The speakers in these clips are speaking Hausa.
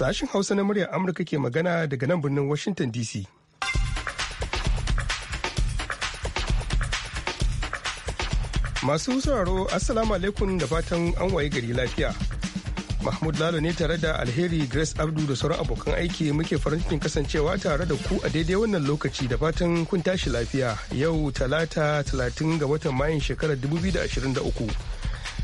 Sashen Hausa na muryar Amurka ke magana daga nan birnin Washington DC. Masu sauraro Assalamu alaikum da fatan an waye gari lafiya. Mahmud Lalo ne tare da Alheri Grace Abdu da sauran abokan aiki muke farin kasancewa tare da ku a daidai wannan lokaci da fatan kun tashi lafiya yau talata talatin ga watan Mayun shekarar 2023.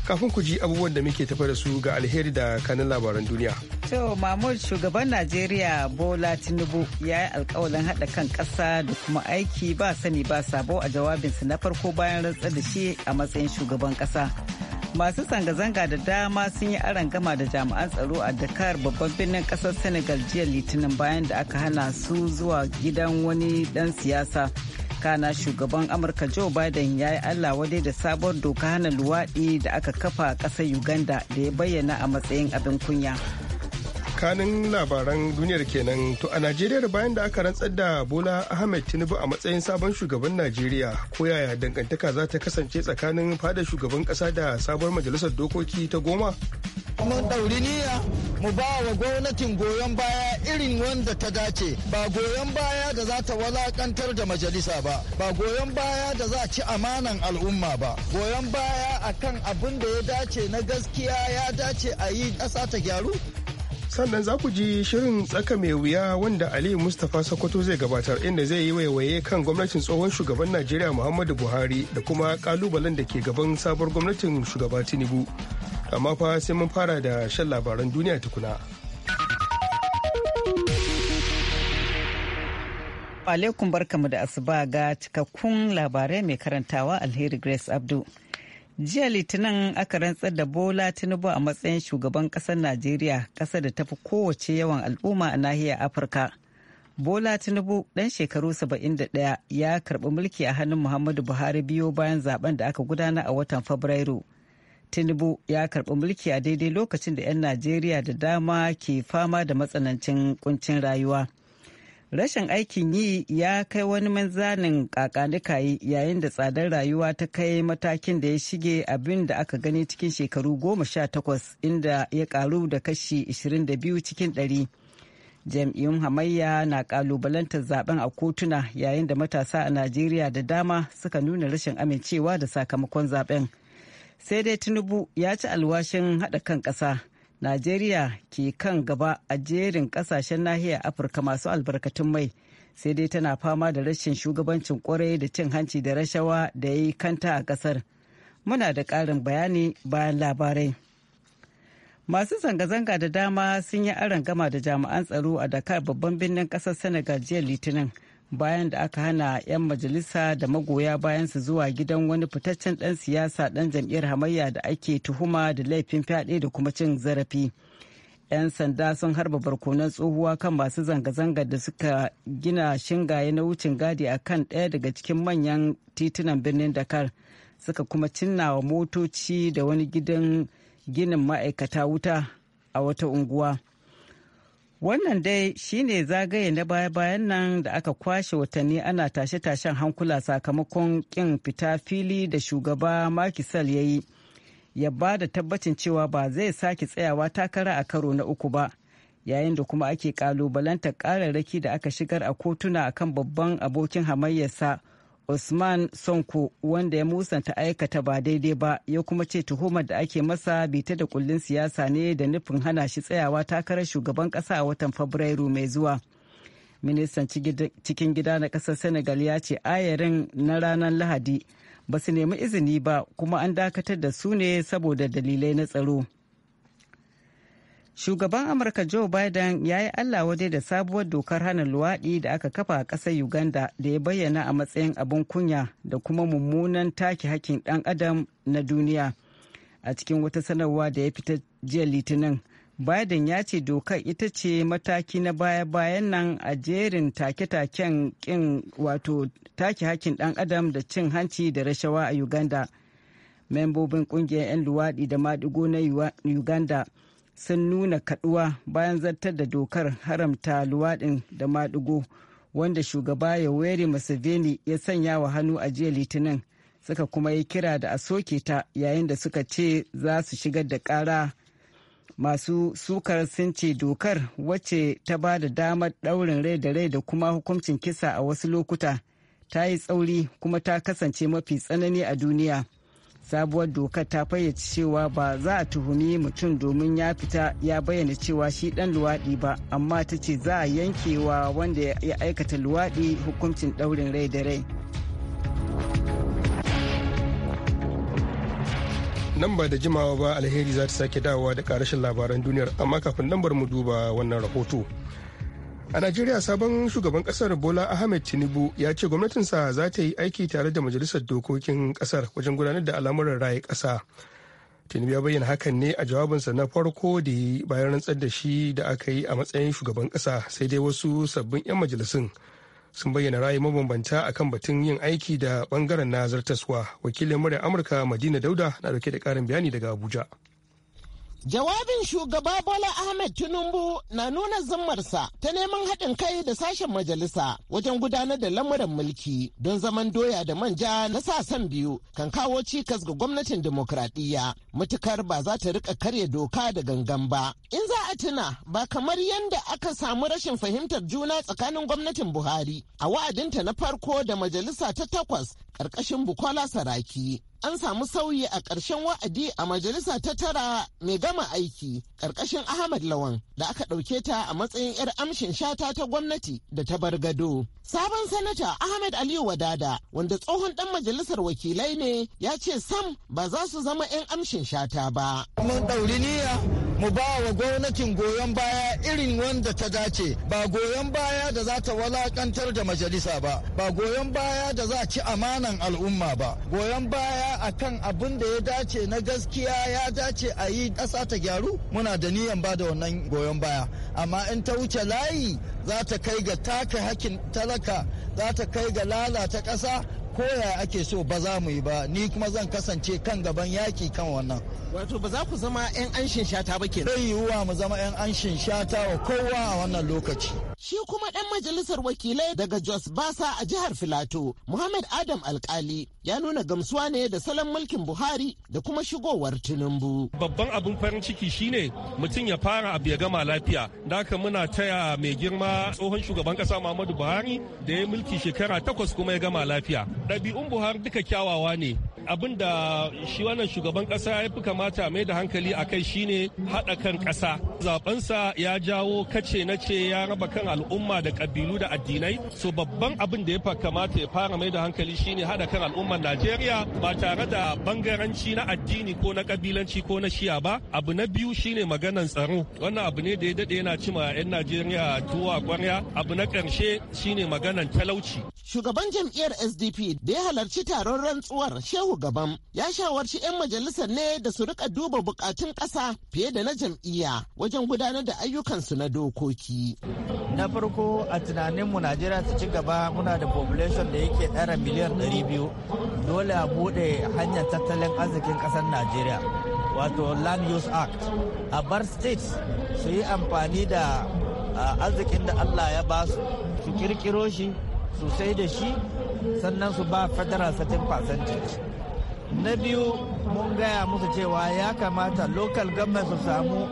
kafin ku ji abubuwan da muke tafa da su ga alheri da kanin labaran duniya. To Mahmud shugaban Najeriya Bola Tinubu ya yi alkawalin haɗa kan ƙasa da kuma aiki ba sani ba sabo a jawabinsa na farko bayan rantsar da shi a matsayin shugaban ƙasa. masu zanga-zanga da dama sun yi aron gama da jami'an tsaro a dakar babban birnin kasar senegal jiya litinin bayan da aka hana su zuwa gidan wani dan siyasa kana shugaban amurka joe biden ya yi allah wadai da sabon doka hana luwaɗi da aka kafa a ƙasar uganda da ya bayyana a matsayin abin kunya tsakanin labaran duniyar kenan to a najeriya bayan da aka rantsar da bola ahmed tinubu a matsayin sabon shugaban najeriya ko yaya dangantaka za ta kasance tsakanin fada shugaban kasa da sabon majalisar dokoki ta goma mun ɗauri niyya mu ba wa gwamnatin goyon baya irin wanda ta dace ba goyon baya da za ta walakantar da majalisa ba ba goyon baya da za ci amanan al'umma ba goyon baya akan abin da ya dace na gaskiya ya dace a yi ƙasa ta gyaru sannan za ku ji shirin tsaka mai wuya wanda aliyu mustapha sokoto zai gabatar inda zai yi waiwaye kan gwamnatin tsohon shugaban najeriya muhammadu buhari da kuma kalubalen da ke gaban sabon gwamnatin shugaba tinubu amma fa sai mun fara da shan labaran duniya tukuna alaikum barkamu da asuba ga cikakkun labarai mai karantawa alheri grace abdu jiya litinin aka rantsar da bola tinubu a matsayin shugaban ƙasar najeriya ƙasar da ta fi kowace yawan al'umma a nahiyar afirka bola tinubu ɗan shekaru 71 ya karbi mulki a hannun muhammadu buhari biyo bayan zaben da aka gudana a watan fabrairu tinubu ya karɓi mulki a daidai lokacin da 'yan najeriya da dama ke fama da matsanancin kuncin rayuwa. rashin aikin yi ya kai wani manzanin kakanikayi yayin da tsadar rayuwa ta kai matakin da ya shige abin da aka gani cikin shekaru goma sha takwas inda ya karu da kashi 22 cikin 100 jam'iyyun hamayya na kalubalantar zaben a kotuna yayin da matasa a najeriya da dama suka nuna rashin amincewa da sakamakon zaben sai dai tinubu ya ci alwashin haɗa kan ƙasa. najeriya ke kan gaba a jerin kasashen nahiyar afirka masu albarkatun mai sai dai tana fama da rashin shugabancin kwarai da cin hanci da rashawa da ya yi kanta a kasar muna da ƙarin bayani bayan labarai masu zanga-zanga da dama sun yi aron gama da jami'an tsaro a dakar babban birnin ƙasar senegal jiya litinin bayan da aka hana 'yan majalisa da magoya bayansu zuwa gidan wani fitaccen ɗan siyasa ɗan jam'iyyar hamayya da ake tuhuma da laifin fyaɗe da kuma cin zarafi. 'yan sanda sun harba barkonan tsohuwa kan masu zanga-zangar da suka gina shingaye na wucin gadi a kan ɗaya daga cikin manyan titunan birnin dakar suka kuma cinnawa motoci da wani gidan ginin ma'aikata wuta a wata unguwa. Wannan dai shi ne zagaye na baya-bayan nan da aka kwashe watanni ana tashe-tashen hankula sakamakon kin fita fili da shugaba makisal ya yi, ya ba da tabbacin cewa ba zai sake tsayawa takara a karo na uku ba, yayin da kuma ake kalubalantar kararraki da aka shigar a kotuna akan babban abokin hamayyarsa Usman Sonko wanda ya musanta aikata ba daidai ba ya kuma ce tuhumar da ake masa bita da kullun siyasa ne da nufin hana shi tsayawa takarar shugaban kasa a watan Fabrairu mai zuwa. Ministan cikin gida na kasar Senegal ya ce ayarin na ranar Lahadi ba su nemi izini ba kuma an dakatar da su ne saboda dalilai na tsaro. shugaban amurka joe biden ya yi allah wadai da sabuwar dokar hana luwaɗi da aka kafa a ƙasar uganda da ya bayyana a matsayin abin kunya da kuma mummunan take hakkin ɗan adam na duniya a cikin wata sanarwa da ya fita jiya litinin biden ya ce dokar ita ce mataki na baya-bayan nan a jerin take-taken kin wato take hakkin ɗan adam da cin hanci da rashawa a uganda membobin ƙungiyar 'yan luwaɗi da maɗigo na uganda sun nuna kaduwa bayan zartar da dokar haramta luwaɗin da maɗigo wanda shugaba yoweri museveni ya sanya wa hannu a jiya litinin suka kuma yi kira da a soke ta yayin da suka ce za su shigar da ƙara masu sukar sun ce dokar wacce ta ba da damar ɗaurin rai da rai da kuma hukuncin kisa a wasu lokuta ta yi tsauri kuma ta kasance mafi tsanani a duniya. sabuwar dokar ta fayyace cewa ba za a tuhumi mutum domin ya fita ya bayyana cewa shi dan luwaɗi ba amma ta ce za a yankewa wanda ya aikata luwaɗi hukuncin ɗaurin rai da rai nan ba da jimawa ba alheri za ta sake dawowa da karashin labaran duniyar amma kafin lambar mu duba wannan rahoto a najeriya sabon shugaban kasar bola ahmed tinubu ya ce gwamnatinsa za ta yi aiki tare da majalisar dokokin kasar wajen gudanar da al'amuran raye kasa tinubu ya bayyana hakan ne a jawabinsa na farko da yi bayan rantsar da shi da aka yi a matsayin shugaban kasa sai dai wasu sabbin 'yan majalisun sun bayyana rayu mabambanta a kan batun yin aiki da bangaren na zartaswa wakilin murya amurka madina dauda na dauke da karin bayani daga abuja Jawabin shugaba Bola Ahmed Tinubu na nuna zimmarsa ta neman haɗin kai da sashen majalisa wajen gudanar da lamuran mulki don zaman doya da manja na sa sasan biyu kan kawo cikas ga gwamnatin demokradiyya mutukar ba za ta rika karya doka da gangan ba. In za a tuna ba kamar yadda aka samu rashin fahimtar juna tsakanin gwamnatin Buhari a wa'adinta na farko da majalisa ta takwas ƙarƙashin Bukola Saraki. an samu sauyi a ƙarshen wa'adi a majalisa ta tara mai gama aiki ƙarƙashin Ahmad Lawan da aka ɗauke ta a matsayin 'yar amshin shata ta gwamnati da ta bar gado. Sabon sanata Ahmad Aliyu Wadada wanda tsohon ɗan majalisar wakilai ne ya ce sam ba za su zama 'yan amshin shata ba. Mun mu ba wa gwamnatin goyon baya irin wanda ta dace ba goyon baya da za ta walakantar da majalisa ba ba goyon baya da za ci amanan al'umma ba goyon baya akan abin da ya dace na gaskiya ya dace a yi ƙasa ta gyaru muna da niyan ba da wannan goyon baya amma in ta wuce layi za ta kai ga taka hakkin talaka za ta kai ga lalata ƙasa koya ake so ba za mu yi ba ni kuma zan kasance kan gaban yaki kan wannan wato ba za ku zama 'yan anshin shata ba ke zai yiwuwa mu zama 'yan anshin shata wa kowa a wannan lokaci shi kuma dan majalisar wakilai daga jos basa a jihar filato muhammad adam alkali ya nuna gamsuwa ne da salon mulkin buhari da kuma shigowar tinubu babban abin farin ciki shine mutum ya fara abu ya gama lafiya da muna taya mai girma tsohon shugaban kasa muhammadu buhari da ya mulki shekara takwas kuma ya gama lafiya ɗabi'un buhari duka kyawawa ne abin da shi wannan shugaban kasa ya fi kamata mai da hankali a kai shine haɗa kan ƙasa zabensa ya jawo kace na ce ya raba kan al'umma da ƙabilu da addinai so babban abin da ya fi kamata ya fara mai da hankali shine haɗa kan al'ummar najeriya ba tare da bangaranci na addini ko na ƙabilanci ko na shiya ba abu na biyu shine maganan tsaro wannan abu ne da ya daɗe yana cima 'yan najeriya tuwa kwarya abu na ƙarshe shine maganan talauci shugaban jam'iyyar sdp da ya halarci taron rantsuwar shehu shugaban ya shawarci 'yan majalisar ne da su rika duba bukatun ƙasa fiye da na jam'iyya wajen gudanar da ayyukansu na dokoki. Na farko a tunaninmu Najeriya ta ci gaba muna da population da yake ɗara miliyan 200 dole a buɗe hanyar tattalin arzikin ƙasar Najeriya wato Land Use Act. A bar states su yi amfani da arzikin da Allah ya ba su su kirkiro shi su da shi sannan su ba federal 13 percentage na biyu mun gaya musu cewa ya kamata local government su samu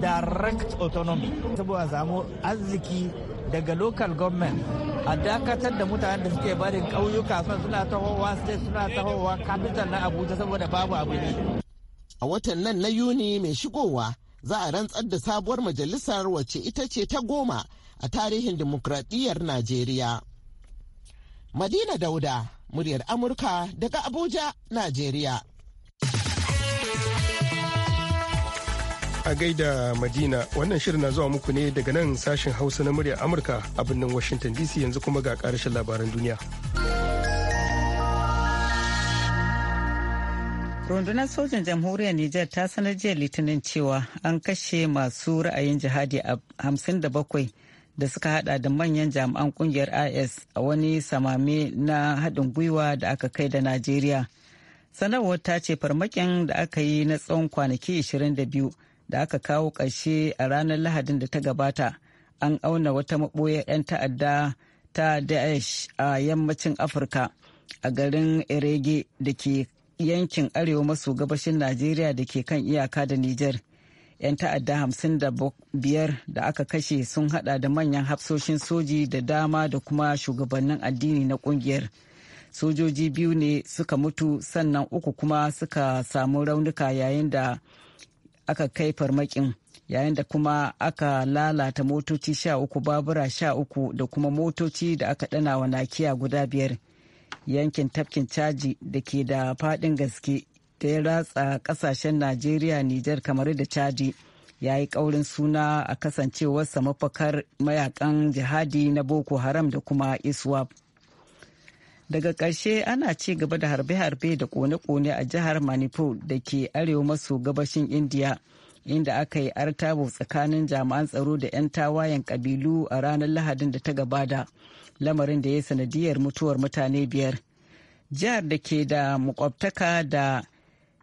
direct autonomy saboda samu arziki daga local government a dakatar da mutanen da suke barin ƙauyuka suna tahowa state suna tahowa capital na abuja saboda babu abu ne a watan nan na yuni mai shigowa za a rantsar da sabuwar majalisar wacce ita ce ta goma a tarihin dimokuraɗiyyar najeriya madina dauda muryar Amurka daga Abuja, Najeriya. A gaida Madina wannan shirin na zuwa muku ne daga nan sashen Hausa na muryar Amurka a birnin Washington DC yanzu kuma ga ƙarshen labaran duniya. rundunar sojin jamhuriyar Nijar ta sanar jiya litinin cewa an kashe masu ra'ayin jihadi a 57 da suka hada da manyan jami'an kungiyar is a wani samame na haɗin gwiwa da aka kai da najeriya sanarwar ta ce farmakin da aka yi na tsawon kwanaki 22 da aka kawo ƙarshe a ranar lahadin da ta gabata an auna wata maɓoyar 'yan ta'adda ta daesh a yammacin afirka a garin erege da ke yankin arewa maso gabashin najeriya da ke kan iyaka da niger 'yan ta'adda hamsin da biyar da aka kashe sun hada da manyan hafsoshin soji da dama da kuma shugabannin addini na kungiyar sojoji biyu ne suka mutu sannan uku kuma suka samu raunuka yayin da aka kai farmakin yayin da kuma aka lalata motoci sha uku babura sha uku da kuma motoci da aka dana wa nakiya guda biyar yankin tafkin caji da ke da fadin gaske da ya ratsa kasashen najeriya nijar kamar da chadi ya yi kaurin suna a kasancewarsa mafakar mayakan jihadi na boko haram da kuma iswap daga ƙarshe ana ci gaba da harbe-harbe da kone-kone a jihar manipur da ke arewa maso gabashin indiya inda aka yi artabo tsakanin jami'an tsaro da 'yan tawayen kabilu a ranar lahadin da ta gabada lamarin da ya sanadiyar mutuwar mutane biyar jihar da ke da makwabtaka da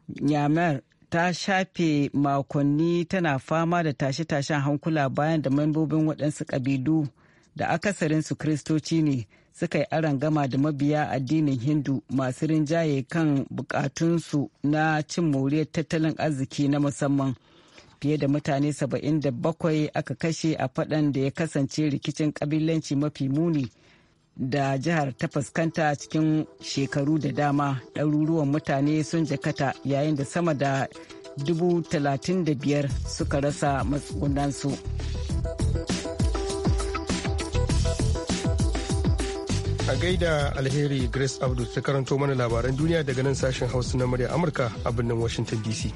Nyamar ta shafe makonni tana fama da tashe-tashen hankula bayan da membobin waɗansu ƙabilu da akasarin su kristoci ne suka yi aron gama da mabiya addinin hindu masu rinjaye kan bukatunsu na cin moriyar tattalin arziki na musamman fiye da mutane 77 aka kashe a faɗan da ya kasance rikicin ƙabilanci mafi muni da jihar ta fuskanta cikin shekaru da dama ɗaruruwan mutane sun jakata yayin da sama da dubu talatin da biyar suka rasa matsugunansu. a gaida alheri grace abdu ta karanto mana labaran duniya daga nan sashen hausa na murya amurka a birnin washington dc.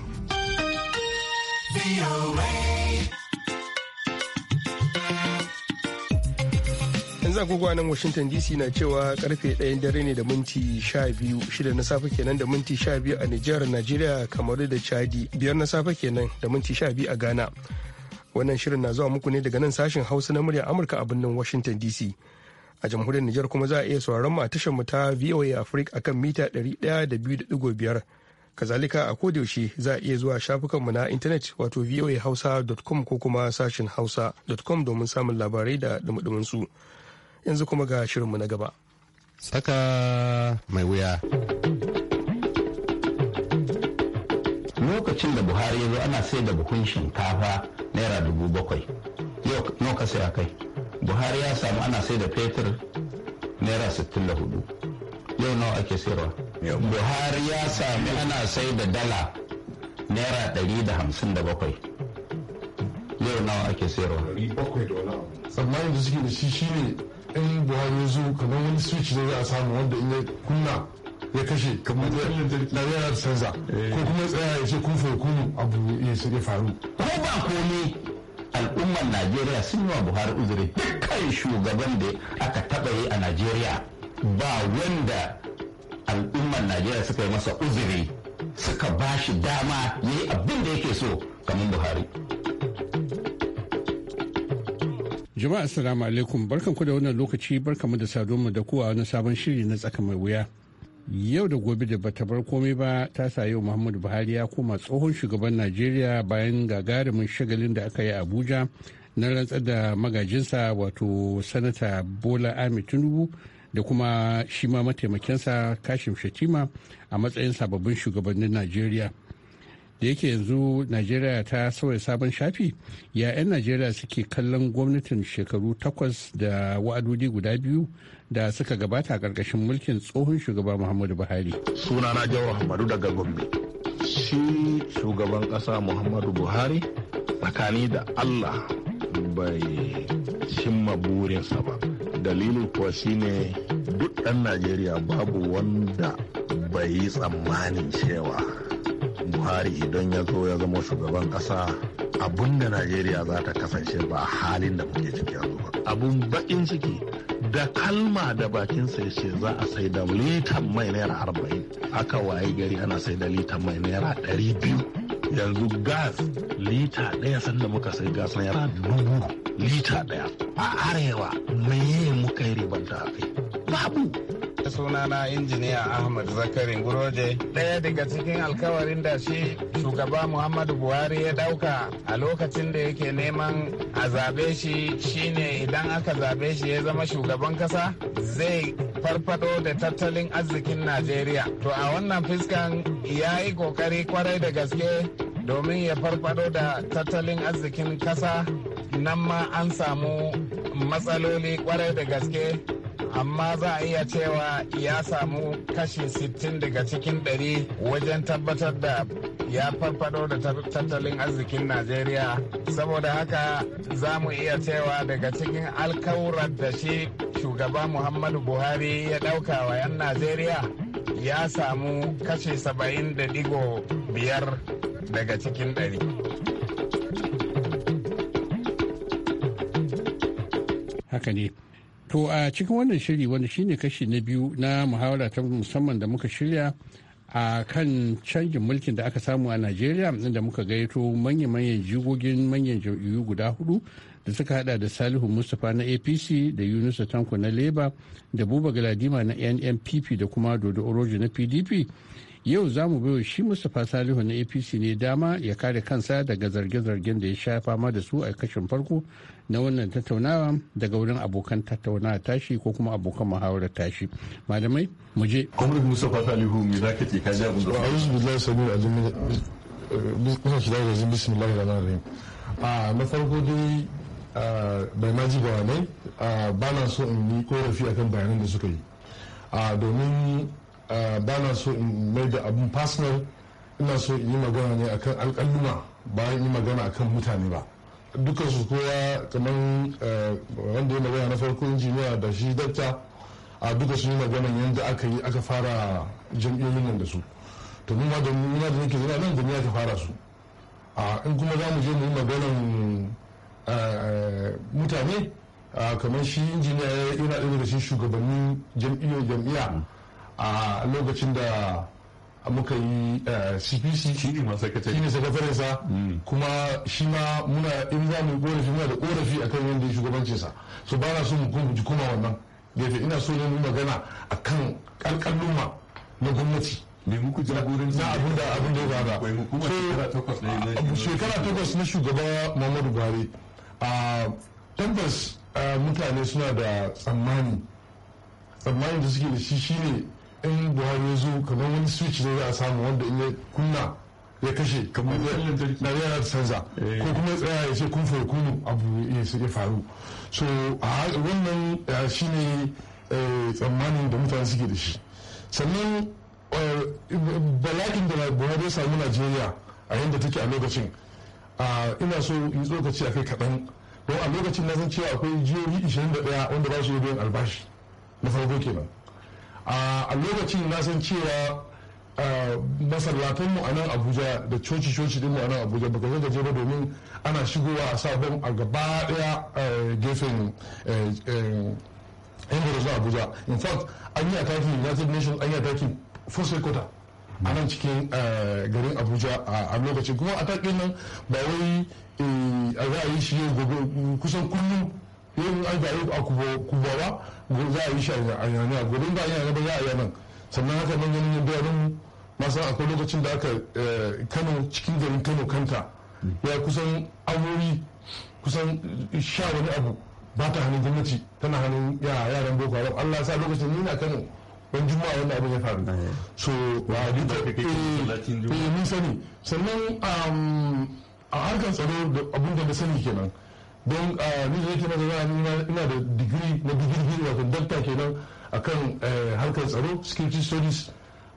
yanzu agogo nan washington dc na cewa karfe 1 dare ne da minti 12 shida na safe kenan da minti 12 a nijar najeriya kamaru da chadi biyar na safe kenan da minti 12 a ghana wannan shirin na zuwa muku ne daga nan sashen hausa na murya amurka a birnin washington dc a jamhuriyar nijar kuma za a iya sauraron mu a tashar mu ta voa africa akan mita ɗari da da biyu 102.5 kazalika a kodayaushe za a iya zuwa shafukan mu na intanet wato hausa voahausa.com ko kuma sashen hausa.com domin samun labarai da dumudumin su yanzu kuma ga shirinmu na gaba Saka mai wuya lokacin da buhari ya zo ana sai da buhun shinkafa naira dubu bakwai yau nawa ka sai kai buhari ya samu ana sai da fetur naira sittin da hudu yau nawa ake sayarwa buhari ya sami ana sai da dala naira dari da hamsin da bakwai yau nawa ake sayarwa tsammanin da suke da shi shine in buhari ya kamar wani switch ne za a samu wanda in ya kunna ya kashe kamar da yana sanza ko kuma tsaya ya ce kun farkunu abu ya faru ko ba komi al'ummar najeriya sun yi wa buhari uzuri dukkan shugaban da aka taɓa yi a najeriya ba wanda al'ummar najeriya suka yi masa uzuri suka ba shi dama ya yi abin da yake so kamar buhari Jama'a assalamu alaikum barkanku da wannan lokaci barkanmu da saduwa da kuwa wani sabon shiri na tsaka mai wuya. Yau da gobe da bata bar komai ba ta sa yau Muhammadu Buhari ya koma tsohon shugaban Najeriya bayan gagarumin shagalin da aka yi a Abuja na rantsar da magajinsa wato sanata Bola Ahmed Tinubu da kuma shi ma mataimakinsa Kashim Shatima a matsayin sababbin shugabannin Najeriya. da yake yanzu najeriya ta sauya sabon shafi ya 'yan najeriya suke kallon gwamnatin shekaru takwas da wa'adodi guda biyu da suka gabata a ƙarƙashin mulkin tsohon shugaba muhammadu buhari sunana jawar hamadu daga gombe shi shugaban ƙasa muhammadu buhari tsakani da allah bai cimma burinsa ba dalilin kuwa shine duk ɗan najeriya babu wanda bai yi tsammanin cewa buhari idan ya zo ya zama shugaban kasa abun da najeriya za ta kasance ba a halin da muke ciki yanzu ba abun bakin ciki da kalma da sa ya ce za a sai da litan mai naira arba'in aka waye gari ana sai da litan mai naira ɗari biyu yanzu gas lita ɗaya sanda muka sai gas naira dubu lita ɗaya a arewa me muka yi ribanta a babu sunana injiniya ahmad zakari guroje ɗaya daga cikin alkawarin da shi shugaba muhammadu buhari ya ɗauka a lokacin da yake neman a zaɓe shi shine idan aka zaɓe shi ya zama shugaban ƙasa zai farfado da tattalin arzikin najeriya to a wannan fiskan ya yi ƙoƙari kwarai da gaske domin ya farfado da tattalin arzikin ƙasa nan ma an samu matsaloli kwarai da gaske amma za a iya cewa ya samu kashi 60 daga cikin 100 wajen tabbatar da ya farfado da tattalin arzikin najeriya saboda haka za mu iya cewa daga cikin alkawurar da shi shugaba muhammadu buhari ya ɗauka wa 'yan najeriya ya samu kashi da digo biyar daga cikin 100 To a cikin wannan shiri wanda shine kashi na biyu na muhawara ta musamman da muka shirya a kan canjin mulkin da aka samu a Najeriya inda muka gaito manya-manyan jigogin manyan jam'iyyu guda hudu da suka hada da Salihu Mustapha na APC da Yunusa Tanko na Labour da Buba Galadima na NNPP da kuma Dodo Oroji na PDP yau za mu baiwa shi mustapha salihu na apc ne dama ya kare kansa daga zarge-zargen da ya sha fama da su a kashin farko na wannan tattaunawa daga wurin abokan tattaunawa tashi ko kuma abokan muhawarar tashi malamai mu je amurka mustapha salihu me za ka ce ka ji abin da a ah, na farko dai ah, bai ma ji bayanai ah, ba na so in yi korafi akan bayanan da suka yi domin ba na so in mai da abun personal ina so in yi magana ne akan alƙalluma ba in yi magana akan mutane ba dukansu kowa kamar eh, wanda ya magana na farko injiniya da shi dakta a duka sun yi magana yadda aka yi aka fara jam'iyyoyin nan da su to mu da muna da nake zama nan gumi aka fara su a in kuma za mu je mu yi maganan eh, eh, mutane kamar shi injiniya yana ɗaya da shi shugabannin jam'iyyar jam'iyya a lokacin da muka yi cpc shi ne sakatarinsa kuma shi ma muna in za mu korafi muna da korafi akan yadda ya shugabancinsa so ba na so mu kuma wannan gefe ina so ne mu magana akan kalkaluma na gwamnati me muku jagoranci na abin da abin da ya bada shekara takwas na shugaba muhammadu buhari a tabbas eh, mutane suna da tsammani tsammanin da suke da shi shine in buhari ya zo kamar wani switch ne za a samu wanda in ya kunna ya kashe kamar na yana sanza eh. ko kuma tsaya ya ce kun farkunu abu ya faru so wannan shi ne eh, tsammanin da mutane suke da shi sannan eh, balakin da buhari ya samu najeriya a yadda take a lokacin ina so yi tsokaci a kai kaɗan don a lokacin na san cewa akwai jihohi 21 wanda ba su yi biyan albashi na farko kenan a lokacin na san cewa masallatan mu a nan abuja da coci coci din mu a nan abuja baka zai gaje ba domin ana shigowa a sabon a gaba daya gefen yan gwarzo abuja in fact an yi attacking united nations an yi attacking first quarter a nan cikin garin abuja a lokacin kuma a takin nan ba wai e, a za a yi shi yin gobe kusan kullum yin an ga a kubawa za a yi shi a yana gobe ba a yana ba za a nan sannan haka nan ganin biranen masu akwai lokacin da aka eh, kano cikin garin kano kanta ya kusan amuri kusan sha wani abu ba ta hannun gwamnati tana hannun yaran boko haram allah sa lokacin nuna kano ban juma'a wanda abin ya faru eh. so a duka eh, mun sani sannan um, a harkar tsaro da abin da na sani kenan don a ah, ni zai na zama ina da digiri na digirgiri wato Delta kenan kan eh, harkar tsaro security studies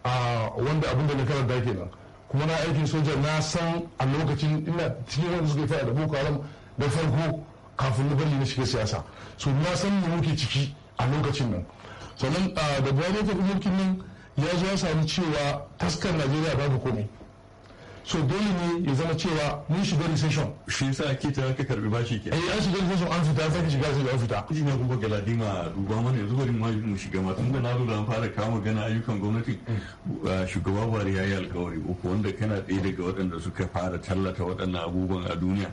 a ah, wanda abin da na karanta kenan kuma na aikin soja na san a lokacin ina cikin wanda suka fara da boko haram da farko kafin na bari na shiga siyasa so na san mu muke ciki a lokacin nan sannan ah, da bayan mulkin nan ya zo ya sami cewa taskar najeriya babu komai so dole ne ya zama cewa mun shiga recession shi yasa ake ta ka karbi bashi ke eh an shiga recession an fita sai ka shiga sai an fita shi ne kuma galadima duba mana yanzu bari ma mu shiga ma tunda na lura an fara kawo magana ayyukan gwamnati mm. uh, shugaba bari ya yi alkawari uku wanda kana ɗaya daga waɗanda suka fara tallata waɗannan abubuwan a duniya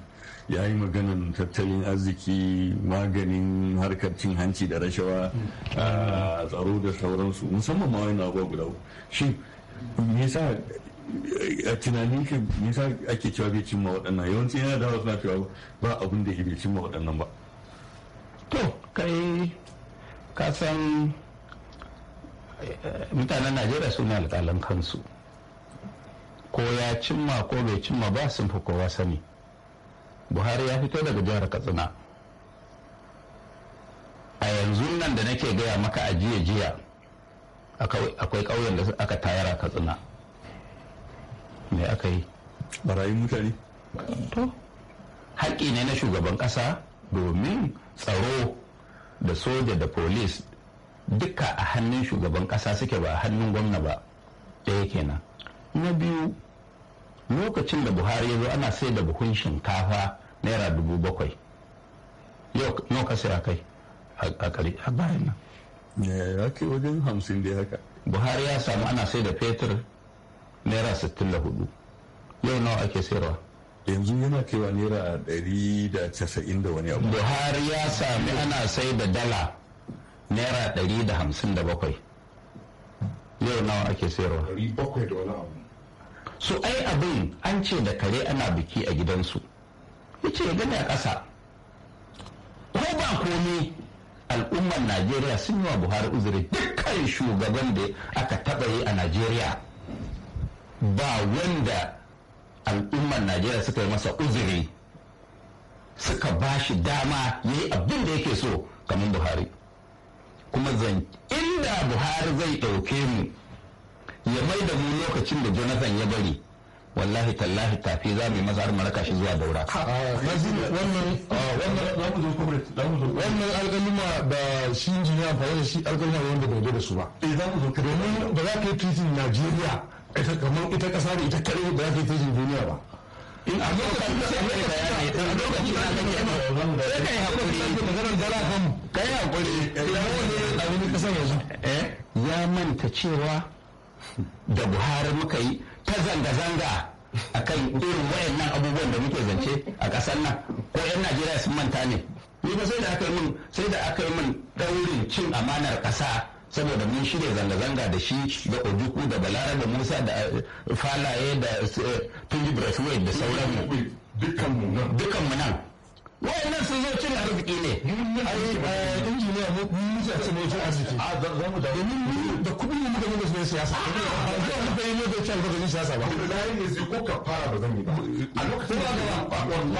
ya yi maganan tattalin arziki maganin harkar cin hanci da rashawa mm. uh, tsaro da sauransu musamman ma wani abuwa guda shin me yasa a tunanin ka nisa ake cewa bai cimma waɗannan yawanci yana da wasu na cewa ba abin da ke bai cimma waɗannan ba to kai ka san eh, mutanen najeriya suna alƙalan kansu ko ya cimma ko bai cimma ba sun fi kowa sani buhari ya fito daga jihar katsina a yanzu nan da nake gaya maka a jiya jiya akwai ƙauyen da aka tayar a katsina me aka yi barayin mutane to haƙƙi ne na shugaban ƙasa domin tsaro da soja da polis duka a hannun shugaban ƙasa suke ba a hannun gwamna ba ɗaya kenan na biyu lokacin da buhari ya zo ana sai da buhun shinkafa naira dubu bakwai yau nawa ka sai kai a kare a bayan nan ya ke wajen hamsin dai haka buhari ya samu ana sai da fetur naira 64 yau nawa ake sayarwa yanzu yana kewa naira 190 da wani abu buhari ya sami ana sai da dala naira 157 yau nawa ake sayarwa 700 da wani abu su ai abin an ce da kare ana biki a gidansu ya ce gani a ƙasa ko ba komi al'ummar najeriya sun yi wa buhari uzuri dukkan shugaban da aka taɓa yi a najeriya ba wanda al'ummar najeriya suka yi masa uzuri suka ba shi dama ya yi abin da yake so kamar buhari kuma zan inda buhari zai ɗauke mu ya mai da mu lokacin da jonathan ya bari wallahi tallahi tafi za mu masa har maraka shi zuwa daura wannan alƙaluma da shi injiniya amfani da shi alƙaluma wanda bai da su ba eh, domin ba za ka yi tritin najeriya kamar ita kasa ne ita kare da za ta yi duniya ba in a lokacin da aka yi bayani da ya wani ya manta cewa da buhari muka yi ta zanga-zanga a kan irin wayannan abubuwan da muke zance a ƙasar nan ko 'yan najeriya sun manta ne ni ba sai da aka yi min sai cin amanar ƙasa saboda mun shirya zanga-zanga da shi da ojuku da balara da musa da eh, falaye da eh, tunji brasway da sauran mu dukkan mu nan dukkan nan wayannan sun zo cin arziki ne eh, injiniya mu musa cin arziki a da mu da kuɗi mu da mu da siyasa ci albarkacin siyasa ba wallahi ne sai ko ka fara ba zan yi ba a lokacin da ba mu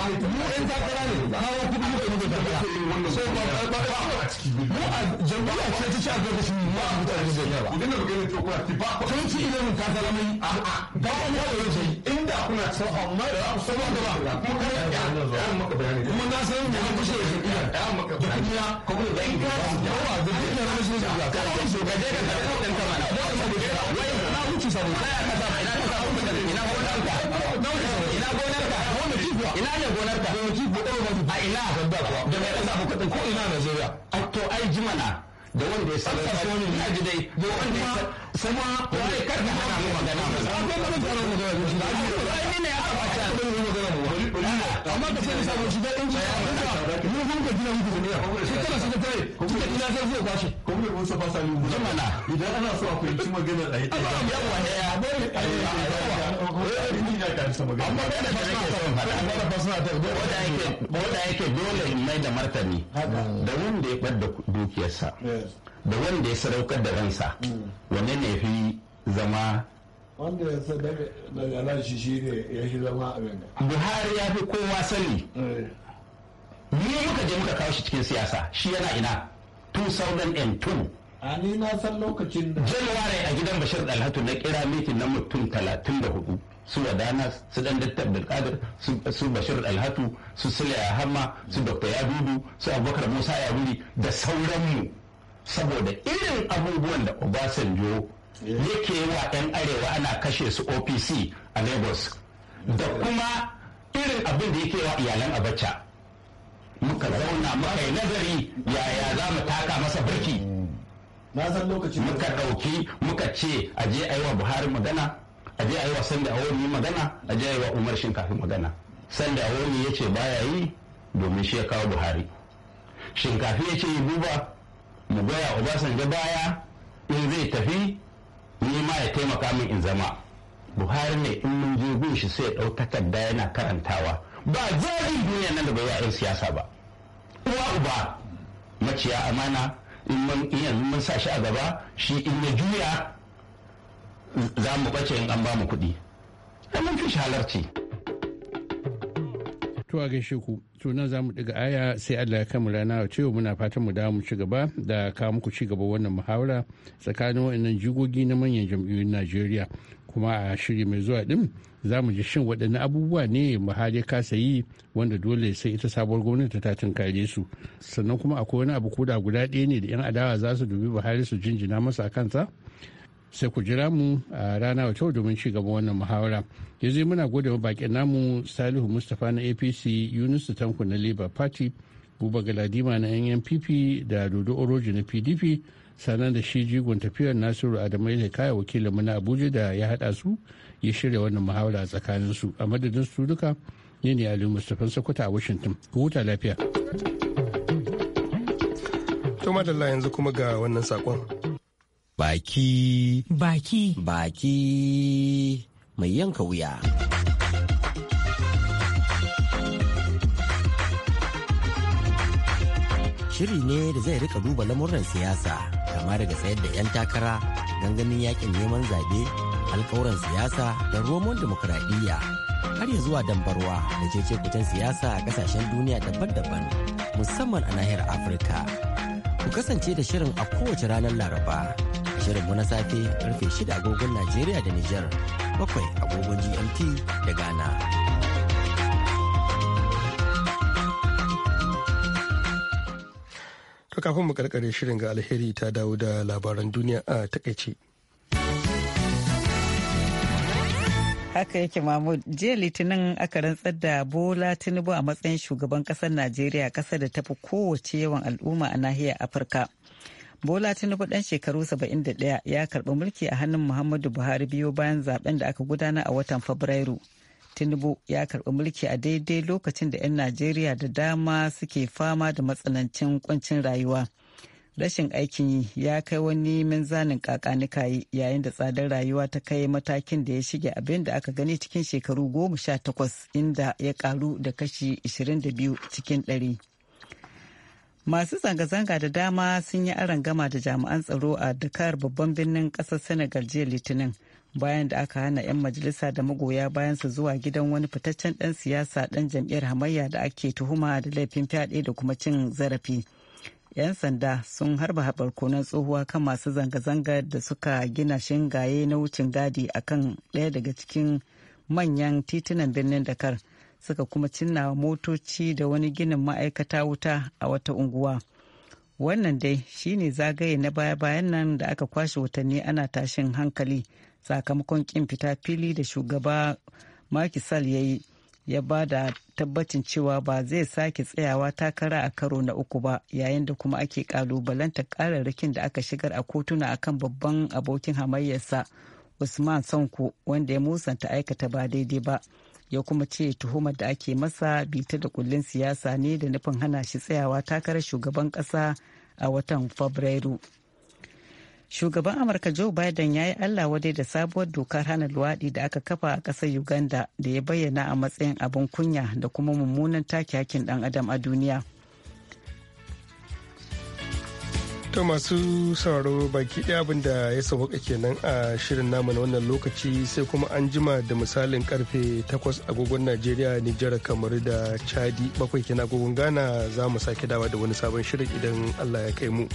takara ne kuma da so ba ba ba a ciki mu a jam'iyya ce ta ci mu a mutane da ba idan da magana ce kuma ki ba kun ci ilimin ka zama a a ba wani inda kuna so amma da ku so ba kuma kai ya ya maka bayani kuma na san yin ga bushe ya ya maka bayani kuma da in ka yawa da duk da rashin ka kai so ka je ka karɓo ɗan ci sabo ina ka samu ina ka samu kuɗin ina gonar ka ina gonar ka wanda ci kuwa ina ne gonar ka wanda ci kuwa a ina da mai ka samu ko ina Najeriya to ai jimana da wanda ya sanar da wani yaji dai da wanda ya sama wani kar da hana mu magana ba sai mun fara tsara mu da wani da ai ne ya kamata mun yi magana mu amma da sai sabon shi da inji mu mun ga dinamu duniya shekara sai ta tare kuma ya zai kwashe kuma ya kusa fasa ne guda mana idan ana so a fahimci magana a yi ta yawa ya bari a yi ta yawa ni na ka sa magana amma da ba suna ta fara amma da ba suna ta dole yake dole yake dole in mai da martani da wanda ya bar dukiyarsa da wanda ya sadaukar da ransa mm. wanne ne fi zama wanda ya sa daga nan shi shi ne ya shi zama abin buhari ya fi kowa sani ni eh. muka je muka kawo shi cikin siyasa shi yana ina 2002 a ni na san lokacin da januwari a gidan bashir dalhatu na kira mitin na mutum 34 su wadana su dan dattar su bashir dalhatu su sule Hama, su dr yadudu su abubakar musa yaburi da sauranmu saboda irin abubuwan da obasanjo yake wa 'yan arewa ana kashe su opc a lagos da kuma irin abin da yake wa iyalan abacha muka zauna muka yi nazari yaya za mu taka masa birki na san lokacin muka ɗauki muka ce a je a yi wa buhari magana a je a yi wa sanda awoni magana a je a yi wa umar shinkafi magana sanda awoni ya ce baya yi domin shi ya kawo buhari shinkafi ya ce yi duba mu goya obasanjo baya in zai tafi ni ma ya taimaka min in zama buhari ne in mun je gun shi sai ya ɗau takarda yana karantawa ba jari duniya nan da bai yi siyasa ba uwa uba maciya amana in iya mun sa shi a gaba shi in ya juya za mu bace in an ba mu kuɗi mun fi shi halarci to a gaishe ku to nan za mu ɗiga aya sai Allah ya kama rana a cewa muna fatan mu dawo mu ci gaba da kawo muku ci gaba wannan muhawara tsakanin waɗannan jigogi na manyan jam'iyyun Najeriya kuma a shiri mai zuwa din za mu ji shin waɗanne abubuwa ne muhali kasa yi wanda dole sai ita sabuwar gwamnati ta tunkare su sannan kuma akwai wani abu koda guda ɗaya ne da 'yan adawa za su dubi buhari su jinjina masa a kansa sai ku jira mu a rana wata domin ci gaban wannan muhawara yanzu muna gode wa bakin namu salihu mustapha na apc yunus tanku na labour party buba galadima na nnpp da dodo oroji na pdp sannan da shi jigon tafiyar nasiru adamai da kaya wakilin mu na abuja da ya hada su ya shirya wannan muhawara tsakanin su a madadin su duka ne ne ali mustapha sakwata a washington ku huta lafiya to madalla yanzu kuma ga wannan sakon baki baki baki mai yanka wuya shiri ne da zai rika duba lamuran siyasa kama daga sayar da 'yan takara gangamin yakin neman zaɓe alkawuran siyasa da romon demokuraɗiyya har ya zuwa dambarwa da cece siyasa a ƙasashen duniya daban-daban musamman a nahiyar afirka ku kasance da shirin a kowace ranar laraba shirin mu na safe karfe shida agogon najeriya da niger bakwai agogon gmt da ghana To kafin mu karkare shirin ga alheri ta dawo da labaran duniya a takaice. haka yake mahmud jiya litinin aka rantsar da bola tinubu a matsayin shugaban kasar najeriya kasar da tafi kowace yawan al'umma a nahiyar afirka bola tinubu dan shekaru 71 ya karbi mulki a hannun muhammadu buhari biyo bayan zaben da aka gudana a watan fabrairu tinubu ya karbi mulki a daidai lokacin da 'yan najeriya da dama suke fama da matsanancin kwancin rayuwa rashin aikin yi ya kai wani minzanin kakanikayi yayin da tsadar rayuwa ta kai matakin da ya shige abin da aka gani cikin shekaru goma sha takwas inda ya karu da kashi 22 cikin ɗari. masu zanga-zanga da dama sun yi gama da jami'an tsaro a dakar babban birnin ƙasar senegal jiya litinin bayan da aka hana 'yan majalisa da magoya bayan su zuwa gidan wani fitaccen ɗan siyasa ɗan jam'iyyar hamayya da ake tuhuma da laifin fyaɗe da kuma cin zarafi. 'Yan sanda sun harba habarkunan tsohuwa kan masu zanga-zangar da suka gina shingaye na wucin gadi a kan ɗaya daga cikin manyan titunan birnin Dakar suka kuma cinna motoci da wani ginin ma'aikata wuta a wata unguwa. Wannan dai shine zagaye na baya-bayan nan da aka kwashe watanni ana tashin hankali. sakamakon kin fita fili da shugaba makisal ya yi ya ba da tabbacin cewa ba zai sake tsayawa takara a karo na uku ba yayin da kuma ake kalubalanta kararrakin da aka shigar a kotuna akan babban abokin hamayyarsa usman sanko wanda ya musanta aikata ba daidai ba ya kuma ce tuhumar da ake masa bita da kullin siyasa ne da nufin hana shi tsayawa takarar shugaban kasa a watan fabrairu shugaban amurka joe biden ya yi allah wadai da sabuwar dokar hana luwaɗi da aka kafa a ƙasar uganda da ya bayyana a matsayin abin kunya da kuma mummunan take hakin ɗan adam a duniya to masu sauraro baki ɗaya abin da ya sauwaka kenan a shirin namu na wannan lokaci sai kuma an jima da misalin karfe 8 agogon najeriya nijar kamar da chadi bakwai kenan agogon ghana za mu sake dawa da wani sabon shirin idan allah ya kai mu.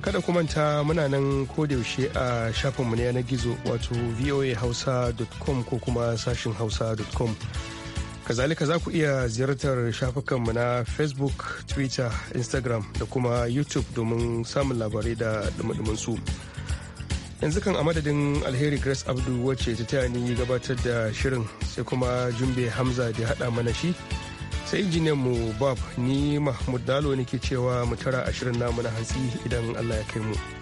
kada ku manta muna nan yaushe a shafinmu na gizo wato voahausa.com ko kuma sashin hausa.com kazalika za ku iya ziyartar shafukanmu na facebook twitter instagram da kuma youtube domin samun labarai da dumadumin su yanzu kan a madadin alheri grace abdu wacce ta taya ni gabatar da shirin sai kuma jumbe hamza da hada mana shi sai mu bab ni mahmud dalo nake cewa mutara tara ashirin namu na hantsi idan allah ya kai mu.